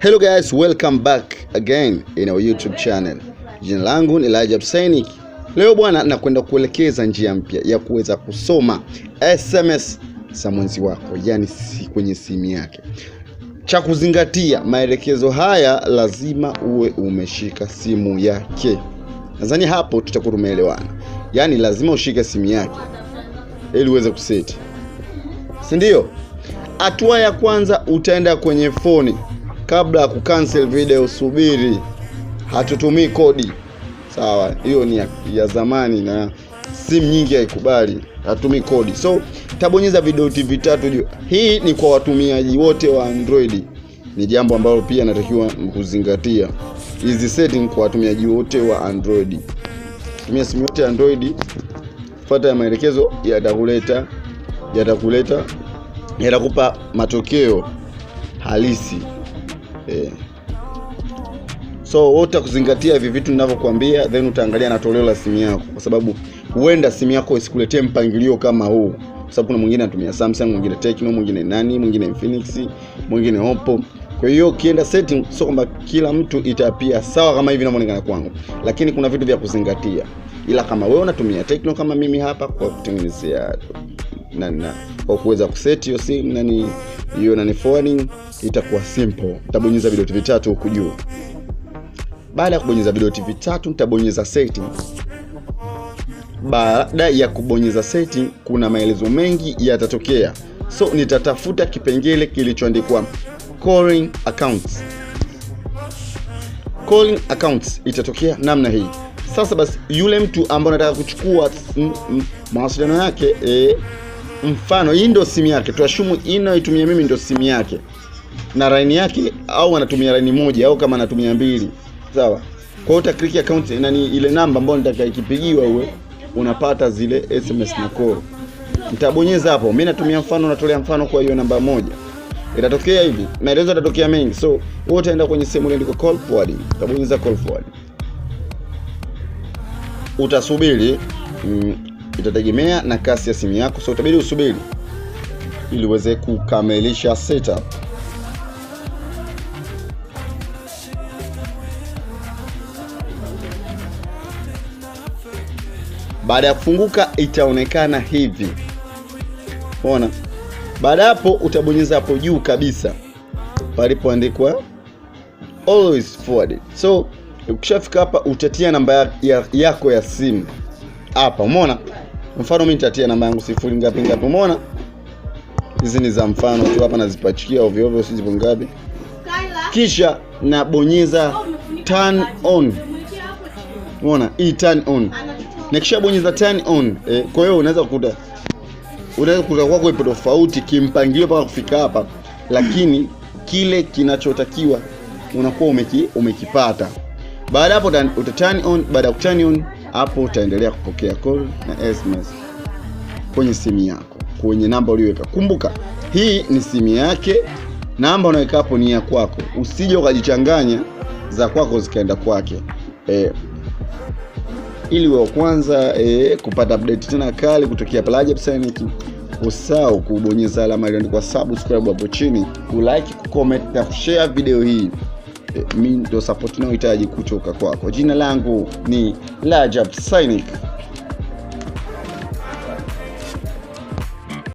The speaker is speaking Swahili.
Hello guys, welcome back again in our YouTube channel. Jina langu ni Rajab Synic. Leo bwana, nakwenda kuelekeza njia mpya ya kuweza kusoma SMS za mwenzi wako, yani si kwenye simu yake. Cha kuzingatia maelekezo haya, lazima uwe umeshika simu yake. Nadhani hapo tutakuwa tumeelewana, yani lazima ushike simu yake ili uweze kuseti, si ndio? Hatua ya kwanza utaenda kwenye foni kabla ya kucancel video subiri, hatutumii kodi sawa. Hiyo ni ya, ya zamani na simu nyingi haikubali, hatutumii kodi. So tabonyeza vidoti vitatu juu. Hii ni kwa watumiaji wote wa Android, ni jambo ambalo pia natakiwa kuzingatia hizi setting kwa watumiaji wote wa Android. Tumia simu yote Android, fuata ya maelekezo yatakuleta yatakuleta yatakupa matokeo halisi eh. So wewe utakuzingatia hivi vitu ninavyokuambia, then utaangalia na toleo la simu yako, kwa sababu huenda simu yako isikuletee mpangilio kama huu, kwa sababu kuna mwingine anatumia Samsung, mwingine Tecno, mwingine nani, mwingine Infinix, mwingine Oppo. Kwa hiyo ukienda setting, sio kwamba kila mtu itapia sawa kama hivi inavyoonekana kwangu, lakini kuna vitu vya kuzingatia. Ila kama wewe unatumia Tecno kama mimi hapa, kwa kutengenezea na kwa kuweza kuseti hiyo simu nani hiyo nani forwarding itakuwa simple nitabonyeza vidoti vitatu huku juu baada ya kubonyeza vidoti vitatu nitabonyeza settings baada ya kubonyeza setting kuna maelezo mengi yatatokea so nitatafuta kipengele kilichoandikwa calling accounts calling accounts itatokea namna hii sasa basi yule mtu ambaye anataka kuchukua mawasiliano yake eh, mfano hii ndio simu yake, tuashumu hii inayoitumia mimi ndio simu yake na laini yake, au anatumia laini moja au kama anatumia mbili, sawa. Kwa hiyo utaklik account na ni ile namba ambayo nitaka ikipigiwa uwe unapata zile SMS na call. Nitabonyeza hapo, mimi natumia mfano, natolea mfano kwa hiyo namba moja itatokea hivi, maelezo yatatokea mengi, so wewe utaenda kwenye sehemu ile ndiko call forwarding, utabonyeza call forward, utasubiri mm, itategemea na kasi ya simu yako, so utabidi usubiri ili uweze kukamilisha setup. Baada ya kufunguka itaonekana hivi, umeona. Baada hapo utabonyeza hapo juu kabisa palipoandikwa always forwarded. So ukishafika hapa utatia namba yako ya simu hapa, umeona? Mfano mimi nitatia namba yangu sifuri ngapi ngapi, umeona? Hizi ni za mfano tu, hapa nazipachikia ovyo ovyo, si zipo ngapi, kisha nabonyeza oh, turn on, umeona? I turn on na kisha bonyeza turn on eh. Kwa hiyo unaweza kukuta unaweza kukuta kwako ipo tofauti kimpangilio mpaka kufika hapa, lakini kile kinachotakiwa unakuwa umeki, umekipata. Baada hapo uta turn on, baada ya kuturn on hapo utaendelea kupokea call na SMS kwenye simu yako kwenye namba uliyoweka Kumbuka hii ni simu yake, namba unaweka hapo ni ya kwako, usije ukajichanganya za kwako zikaenda kwake e, ili wa kwanza e, kupata update tena kali kutokea Rajab Synic. usao kubonyeza alama iliyoandikwa subscribe hapo chini, kulike, kucomment na kushare video hii. Eh, mi ndo sapoti inayohitaji kutoka kwako. Jina langu ni lajab sinic